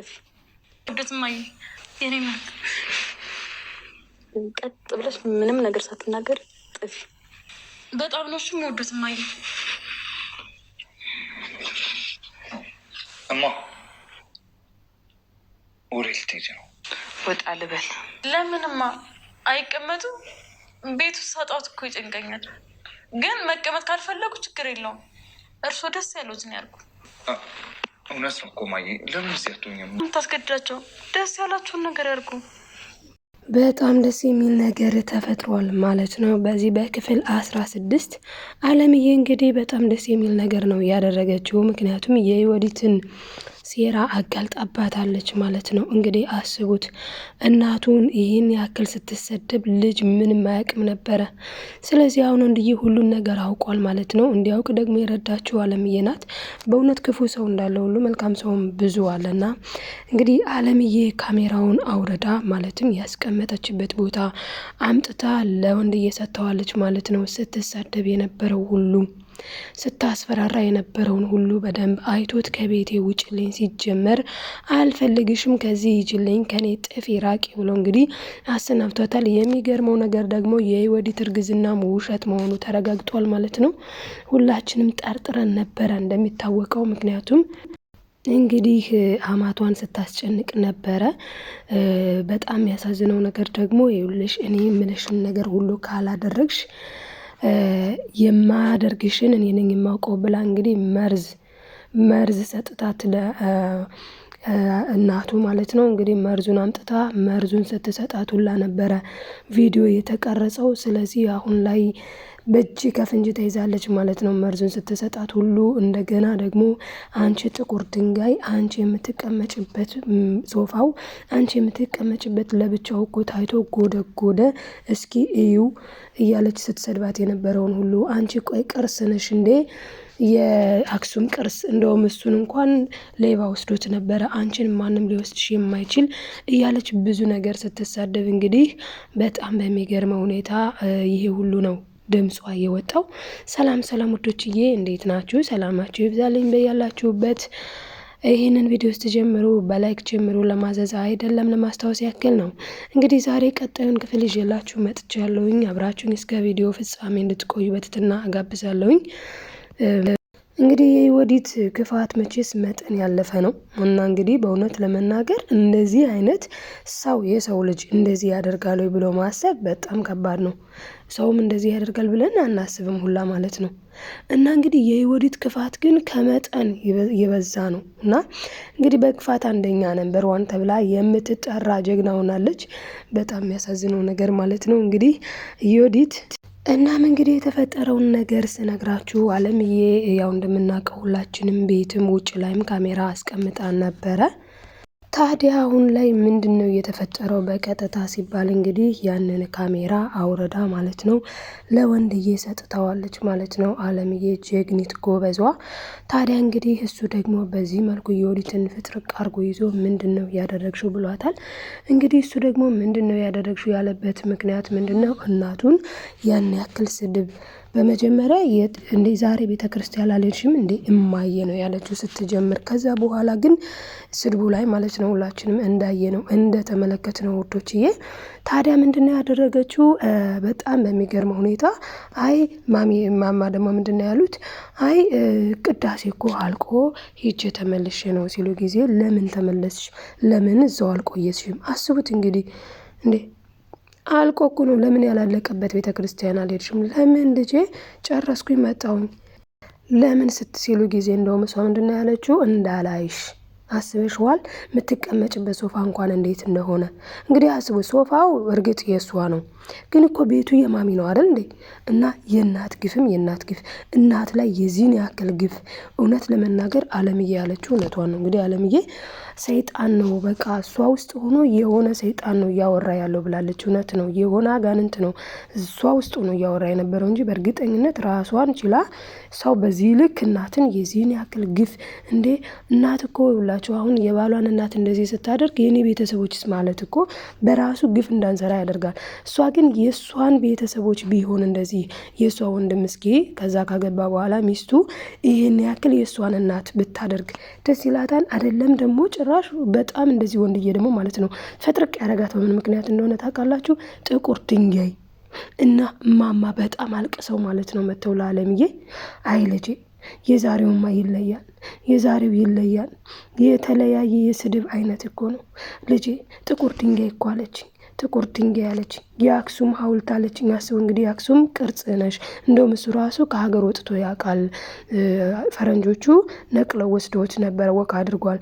ጠፊ ውደትማየ የኔ ቀጥ ብለሽ ምንም ነገር ሳትናገር ጠፊ በጣም ነው ሽም እሱም ውደትማየ እማ ወሬ ልትሄጂ ነው? ወጣ ልበል። ለምንማ አይቀመጡ ቤት ውስጥ ሳጣሁት እኮ ይጨንቀኛል። ግን መቀመጥ ካልፈለጉ ችግር የለውም። እርስዎ ደስ ያለዎትን ያድርጉ። እውነት ነው እኮ ለምን ዚያቶኛም ታስገድዳቸው። ደስ ያላችሁን ነገር ያርጉ። በጣም ደስ የሚል ነገር ተፈጥሯል ማለት ነው። በዚህ በክፍል አስራ ስድስት አለምዬ እንግዲህ በጣም ደስ የሚል ነገር ነው ያደረገችው። ምክንያቱም የወዲትን ሴራ አጋልጣባታለች ማለት ነው። እንግዲህ አስቡት እናቱን ይህን ያክል ስትሰደብ ልጅ ምንም አያውቅም ነበረ። ስለዚህ አሁን ወንድዬ ሁሉን ነገር አውቋል ማለት ነው። እንዲያውቅ ደግሞ የረዳችው አለምዬ ናት። በእውነት ክፉ ሰው እንዳለ ሁሉ መልካም ሰውም ብዙ አለና እንግዲህ አለምዬ ካሜራውን አውረዳ ማለትም ያስቀመጠችበት ቦታ አምጥታ ለወንድዬ ሰጥተዋለች ማለት ነው። ስትሰደብ የነበረው ሁሉ ስታስፈራራ የነበረውን ሁሉ በደንብ አይቶት ከቤቴ ውጭልኝ፣ ሲጀመር አልፈልግሽም፣ ከዚህ ይችልኝ፣ ከኔ ጥፊ ራቂ ብሎ እንግዲህ አሰናብቷታል። የሚገርመው ነገር ደግሞ የወዲት እርግዝና ውሸት መሆኑ ተረጋግጧል ማለት ነው። ሁላችንም ጠርጥረን ነበረ እንደሚታወቀው ምክንያቱም እንግዲህ አማቷን ስታስጨንቅ ነበረ። በጣም ያሳዝነው ነገር ደግሞ ይኸውልሽ እኔ የምልሽን ነገር ሁሉ ካላደረግሽ የማደርግሽን እኔ ነኝ የማውቀው ብላ እንግዲህ መርዝ መርዝ ሰጥታት እናቱ ማለት ነው እንግዲህ መርዙን አምጥታ መርዙን ስትሰጣት ሁላ ነበረ ቪዲዮ የተቀረጸው። ስለዚህ አሁን ላይ በእጅ ከፍንጅ ተይዛለች ማለት ነው። መርዙን ስትሰጣት ሁሉ እንደገና ደግሞ አንቺ ጥቁር ድንጋይ፣ አንቺ የምትቀመጭበት ሶፋው፣ አንቺ የምትቀመጭበት ለብቻው እኮ ታይቶ ጎደጎደ፣ እስኪ እዩ እያለች ስትሰድባት የነበረውን ሁሉ አንቺ ቆይ ቅርስ ነሽ እንዴ የአክሱም ቅርስ እንደውም እሱን እንኳን ሌባ ወስዶት ነበረ፣ አንቺን ማንም ሊወስድሽ የማይችል እያለች ብዙ ነገር ስትሳደብ እንግዲህ በጣም በሚገርመ ሁኔታ ይሄ ሁሉ ነው ድምጿ የወጣው። ሰላም ሰላም ውዶችዬ እንዴት ናችሁ? ሰላማችሁ ይብዛልኝ በያላችሁበት። ይህንን ቪዲዮ ውስጥ ጀምሩ በላይክ ጀምሩ። ለማዘዝ አይደለም ለማስታወስ ያክል ነው። እንግዲህ ዛሬ ቀጣዩን ክፍል ይዤላችሁ መጥቻለሁኝ። አብራችሁን እስከ ቪዲዮ ፍጻሜ እንድትቆዩ በትትና አጋብዛለሁኝ። እንግዲህ የወዲት ክፋት መቼስ መጠን ያለፈ ነው እና እንግዲህ በእውነት ለመናገር እንደዚህ አይነት ሰው የሰው ልጅ እንደዚህ ያደርጋል ወይ ብሎ ማሰብ በጣም ከባድ ነው። ሰውም እንደዚህ ያደርጋል ብለን አናስብም ሁላ ማለት ነው። እና እንግዲህ የወዲት ክፋት ግን ከመጠን የበዛ ነው እና እንግዲህ በክፋት አንደኛ ነንበር ዋን ተብላ የምትጠራ ጀግና ሆናለች። በጣም የሚያሳዝነው ነገር ማለት ነው እንግዲህ የወዲት እናም እንግዲህ የተፈጠረውን ነገር ስነግራችሁ አለምዬ ያው እንደምናውቀው ሁላችንም ቤትም ውጭ ላይም ካሜራ አስቀምጣን ነበረ። ታዲያ አሁን ላይ ምንድን ነው የተፈጠረው? በቀጥታ ሲባል እንግዲህ ያንን ካሜራ አውረዳ ማለት ነው ለወንድዬ ሰጥተዋለች ማለት ነው። አለምዬ ጀግኒት ጎበዟ። ታዲያ እንግዲህ እሱ ደግሞ በዚህ መልኩ የወዲትን ፍጥር ቃርጎ ይዞ ምንድን ነው ያደረግሽው ብሏታል። እንግዲህ እሱ ደግሞ ምንድን ነው ያደረግሽው ያለበት ምክንያት ምንድን ነው እናቱን ያን ያክል ስድብ በመጀመሪያ የት እንዴ ዛሬ ቤተ ክርስቲያን አልሄድሽም እንዴ እማዬ ነው ያለችው ስትጀምር። ከዛ በኋላ ግን ስድቡ ላይ ማለት ነው ሁላችንም እንዳየ ነው እንዳየነው እንደተመለከትነው ውዶችዬ። ታዲያ ምንድነው ያደረገችው? በጣም በሚገርመ ሁኔታ አይ ማሚ ማማ ደግሞ ምንድነው ያሉት? አይ ቅዳሴ እኮ አልቆ ሄጄ ተመልሼ ነው ሲሉ ጊዜ ለምን ተመለስሽ? ለምን እዛው አልቆየስሽም? አስቡት እንግዲህ እንዴ አልቆ እኮ ነው ለምን ያላለቀበት ቤተ ክርስቲያን አልሄድሽም? ለምን ልጄ ጨረስኩኝ መጣሁኝ ለምን ስት ሲሉ ጊዜ እንደውም እሷ ምንድን ነው ያለችው እንዳላይሽ አስበሽዋል የምትቀመጭበት ሶፋ እንኳን እንዴት እንደሆነ እንግዲህ አስቡ። ሶፋው እርግጥ የእሷ ነው፣ ግን እኮ ቤቱ የማሚ ነው አይደል እንዴ? እና የእናት ግፍም የእናት ግፍ እናት ላይ የዚህን ያክል ግፍ እውነት ለመናገር አለምዬ ያለችው እውነቷን ነው። እንግዲህ አለምዬ ሰይጣን ነው በቃ እሷ ውስጥ ሆኖ የሆነ ሰይጣን ነው እያወራ ያለው ብላለች። እውነት ነው፣ የሆነ አጋንንት ነው እሷ ውስጥ ሆኖ እያወራ የነበረው እንጂ በእርግጠኝነት ራሷን ችላ ሰው በዚህ ልክ እናትን የዚህን ያክል ግፍ እንዴ! እናት እኮ ይውላችሁ አሁን የባሏን እናት እንደዚህ ስታደርግ የኔ ቤተሰቦችስ ማለት እኮ በራሱ ግፍ እንዳንሰራ ያደርጋል። እሷ ግን የእሷን ቤተሰቦች ቢሆን እንደዚህ የእሷ ወንድም እስኪ ከዛ ካገባ በኋላ ሚስቱ ይህን ያክል የእሷን እናት ብታደርግ ደስ ይላታል? አይደለም ደግሞ ጭራሽ በጣም እንደዚህ ወንድዬ ደግሞ ማለት ነው ፈጥርቅ ያደረጋት በምን ምክንያት እንደሆነ ታውቃላችሁ? ጥቁር ድንጋይ እና እማማ በጣም አልቅሰው ማለት ነው መተው ለአለምዬ አይ ልጄ የዛሬውማ ይለያል፣ የዛሬው ይለያል። የተለያየ የስድብ አይነት እኮ ነው ልጄ። ጥቁር ድንጋይ እኮ አለችኝ፣ ጥቁር ድንጋይ አለች የአክሱም ሐውልት አለች። አስቡ እንግዲህ የአክሱም ቅርጽ ነሽ። እንደውም እሱ ራሱ ከሀገር ወጥቶ ያውቃል። ፈረንጆቹ ነቅለው ወስደዎች ነበረ፣ ወክ አድርጓል።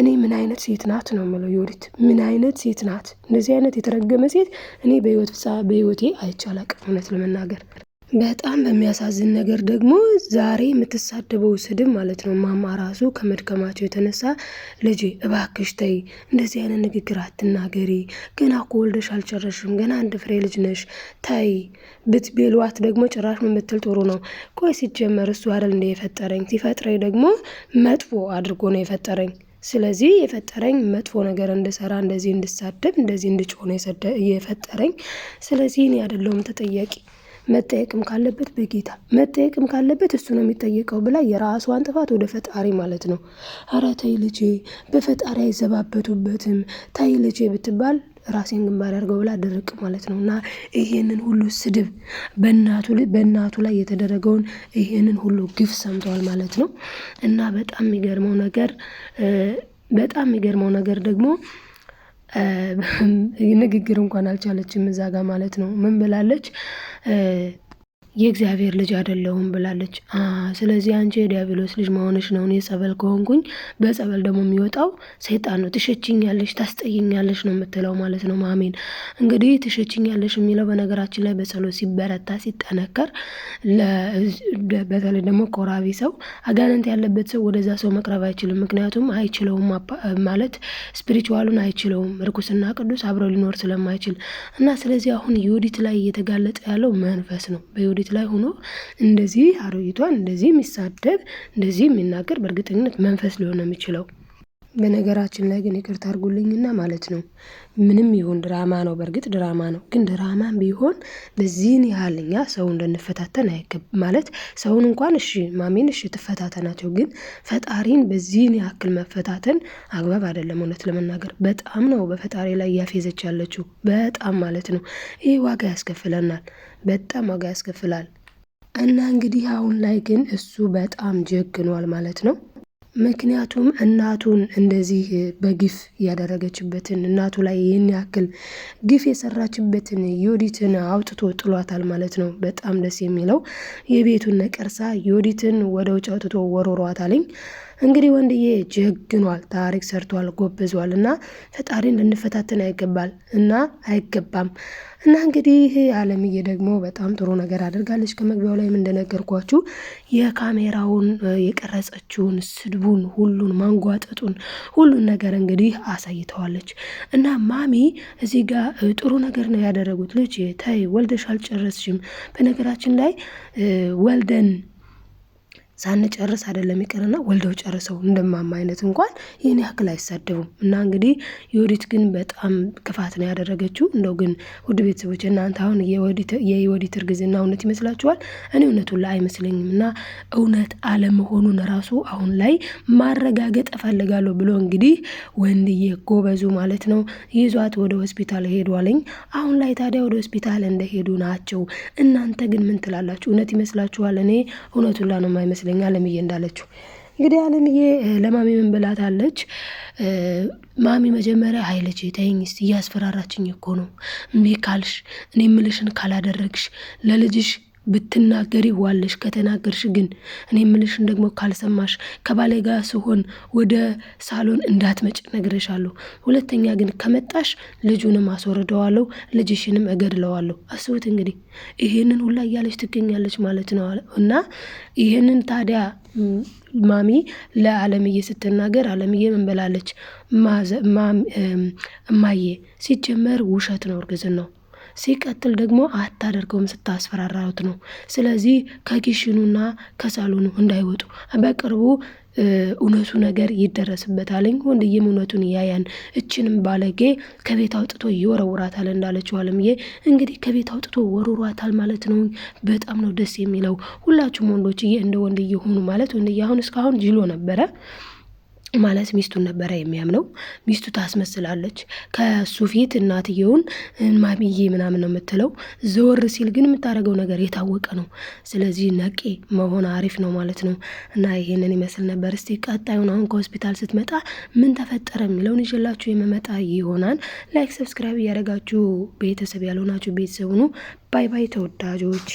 እኔ ምን አይነት ሴት ናት ነው የምለው። የወዲት ምን አይነት ሴት ናት? እንደዚህ አይነት የተረገመ ሴት እኔ በህይወት በህይወቴ አይቼ አላቅም። እውነት ለመናገር በጣም በሚያሳዝን ነገር ደግሞ ዛሬ የምትሳደበው ስድብ ማለት ነው። ማማ ራሱ ከመድከማቸው የተነሳ ልጄ እባክሽ ተይ፣ እንደዚህ አይነት ንግግር አትናገሪ፣ ገና እኮ ወልደሽ አልጨረሽም፣ ገና አንድ ፍሬ ልጅ ነሽ፣ ተይ ብት ቤሏት ደግሞ ጭራሽ የምትል ጥሩ ነው። ቆይ ሲጀመር እሱ አይደል እንደ የፈጠረኝ? ሲፈጥረኝ ደግሞ መጥፎ አድርጎ ነው የፈጠረኝ ስለዚህ የፈጠረኝ መጥፎ ነገር እንድሰራ፣ እንደዚህ እንድሳደብ፣ እንደዚህ እንድጮህ የፈጠረኝ። ስለዚህ እኔ አይደለሁም ተጠያቂ። መጠየቅም ካለበት በጌታ መጠየቅም ካለበት እሱ ነው የሚጠየቀው ብላ የራሷን ጥፋት ወደ ፈጣሪ ማለት ነው። ኧረ ተይ ልጄ፣ በፈጣሪ አይዘባበቱበትም፣ ተይ ልጄ ብትባል ራሴን ግንባር ያድርገው ብላ ድርቅ ማለት ነው እና ይሄንን ሁሉ ስድብ በእናቱ በእናቱ ላይ የተደረገውን ይሄንን ሁሉ ግፍ ሰምተዋል ማለት ነው እና በጣም የሚገርመው ነገር በጣም የሚገርመው ነገር ደግሞ ንግግር እንኳን አልቻለችም እዛ ጋር ማለት ነው ምን ብላለች የእግዚአብሔር ልጅ አይደለሁም ብላለች። ስለዚህ አንቺ የዲያብሎስ ልጅ መሆንሽ ነው። እኔ ጸበል ከሆንኩኝ በጸበል ደግሞ የሚወጣው ሰይጣን ነው። ትሸችኛለሽ፣ ታስጠይኛለሽ ነው የምትለው ማለት ነው። ማሜን እንግዲህ ትሸችኛለሽ የሚለው በነገራችን ላይ በጸሎት ሲበረታ ሲጠነከር፣ በተለይ ደግሞ ኮራቢ ሰው አጋንንት ያለበት ሰው ወደዛ ሰው መቅረብ አይችልም። ምክንያቱም አይችለውም ማለት ስፒሪቹዋሉን አይችለውም። ርኩስና ቅዱስ አብረው ሊኖር ስለማይችል እና ስለዚህ አሁን ዩዲት ላይ እየተጋለጠ ያለው መንፈስ ነው በዮዲት ቤት ላይ ሆኖ እንደዚህ አሮጊቷን እንደዚህ የሚሳደብ እንደዚህ የሚናገር በእርግጠኝነት መንፈስ ሊሆን የሚችለው በነገራችን ላይ ግን ይቅርታ አድርጉልኝና ማለት ነው ምንም ይሁን ድራማ ነው፣ በእርግጥ ድራማ ነው። ግን ድራማም ቢሆን በዚህን ያህል እኛ ሰው እንድንፈታተን አይገባም። ማለት ሰውን እንኳን እሺ ማሜን እሺ ትፈታተናቸው፣ ግን ፈጣሪን በዚህን ያክል መፈታተን አግባብ አይደለም። እውነት ለመናገር በጣም ነው በፈጣሪ ላይ እያፌዘች ያለችው፣ በጣም ማለት ነው። ይህ ዋጋ ያስከፍለናል፣ በጣም ዋጋ ያስከፍላል። እና እንግዲህ አሁን ላይ ግን እሱ በጣም ጀግኗል ማለት ነው። ምክንያቱም እናቱን እንደዚህ በግፍ ያደረገችበትን እናቱ ላይ ይህን ያክል ግፍ የሰራችበትን ዮዲትን አውጥቶ ጥሏታል ማለት ነው። በጣም ደስ የሚለው የቤቱን ነቀርሳ ዮዲትን ወደ ውጭ አውጥቶ ወሮሯታልኝ። እንግዲህ ወንድዬ ጀግኗል፣ ታሪክ ሰርቷል፣ ጎብዟል እና ፈጣሪን ልንፈታተን አይገባል እና አይገባም እና እንግዲህ አለምዬ ደግሞ በጣም ጥሩ ነገር አድርጋለች። ከመግቢያው ላይም እንደነገርኳችሁ የካሜራውን የቀረጸችውን ስድቡን፣ ሁሉን ማንጓጠጡን፣ ሁሉን ነገር እንግዲህ አሳይተዋለች እና ማሚ እዚህ ጋር ጥሩ ነገር ነው ያደረጉት። ልጅ ተይ ወልደሽ አልጨረስሽም። በነገራችን ላይ ወልደን ሳንጨርስ አይደለም ይቅርና ወልደው ጨርሰው እንደማማ አይነት እንኳን ይህን ያክል አይሳደቡም። እና እንግዲህ የወዲት ግን በጣም ክፋት ነው ያደረገችው። እንደው ግን ውድ ቤተሰቦች እናንተ አሁን የወዲት እርግዝና እውነት ይመስላችኋል? እኔ እውነቱን ላይ አይመስለኝም። እና እውነት አለመሆኑን ራሱ አሁን ላይ ማረጋገጥ እፈልጋለሁ ብሎ እንግዲህ ወንድዬ ጎበዙ ማለት ነው ይዟት ወደ ሆስፒታል ሄዷለኝ። አሁን ላይ ታዲያ ወደ ሆስፒታል እንደሄዱ ናቸው። እናንተ ግን ምን ትላላችሁ? እውነት ይመስላችኋል? እኔ እውነቱን ላይ ነው የማይመስለኝ ይመስለኛል አለምዬ እንዳለችው። እንግዲህ አለምዬ ለማሚ ምን አለች? ማሚ መጀመሪያ ሀይለች ተይኝ እስቲ እያስፈራራችኝ እኮ ነው እምቢ ካልሽ እኔ ምልሽን ካላደረግሽ ለልጅሽ ብትናገር ይዋለሽ፣ ከተናገርሽ ግን እኔ ምልሽን ደግሞ ካልሰማሽ ከባሌ ጋር ስሆን ወደ ሳሎን እንዳትመጭ ነግሬሻለሁ። ሁለተኛ ግን ከመጣሽ ልጁንም አስወርደዋለሁ፣ ልጅሽንም እገድለዋለሁ። አስቡት እንግዲህ ይህንን ሁላ እያለች ትገኛለች ማለት ነው እና ይህንን ታዲያ ማሚ ለአለምዬ ስትናገር አለምዬ ምን ብላለች? እማዬ ሲጀመር ውሸት ነው እርግዝን ነው ሲቀጥል ደግሞ አታደርገውም ስታስፈራራት ነው። ስለዚህ ከኪሽኑና ከሳሎኑ እንዳይወጡ በቅርቡ እውነቱ ነገር ይደረስበታል ወንድዬም እውነቱን እያያን እችንም ባለጌ ከቤት አውጥቶ ይወረውራታል እንዳለችው አለምዬ እንግዲህ ከቤት አውጥቶ ወርውሯታል ማለት ነው። በጣም ነው ደስ የሚለው። ሁላችሁም ወንዶችዬ እንደ ወንድዬ ሆኑ ማለት ወንድዬ አሁን እስካሁን ጅሎ ነበረ ማለት ሚስቱን ነበረ የሚያምነው። ሚስቱ ታስመስላለች። ከሱ ፊት እናትየውን ማሚዬ ምናምን ነው የምትለው። ዘወር ሲል ግን የምታደርገው ነገር የታወቀ ነው። ስለዚህ ነቄ መሆን አሪፍ ነው ማለት ነው። እና ይሄንን ይመስል ነበር። እስቲ ቀጣዩን አሁን ከሆስፒታል ስትመጣ ምን ተፈጠረ የሚለውን ይዤላችሁ የመመጣ ይሆናል። ላይክ፣ ሰብስክራይብ እያደረጋችሁ ቤተሰብ ያልሆናችሁ ቤተሰብ ሁኑ። ባይ ባይ ተወዳጆች።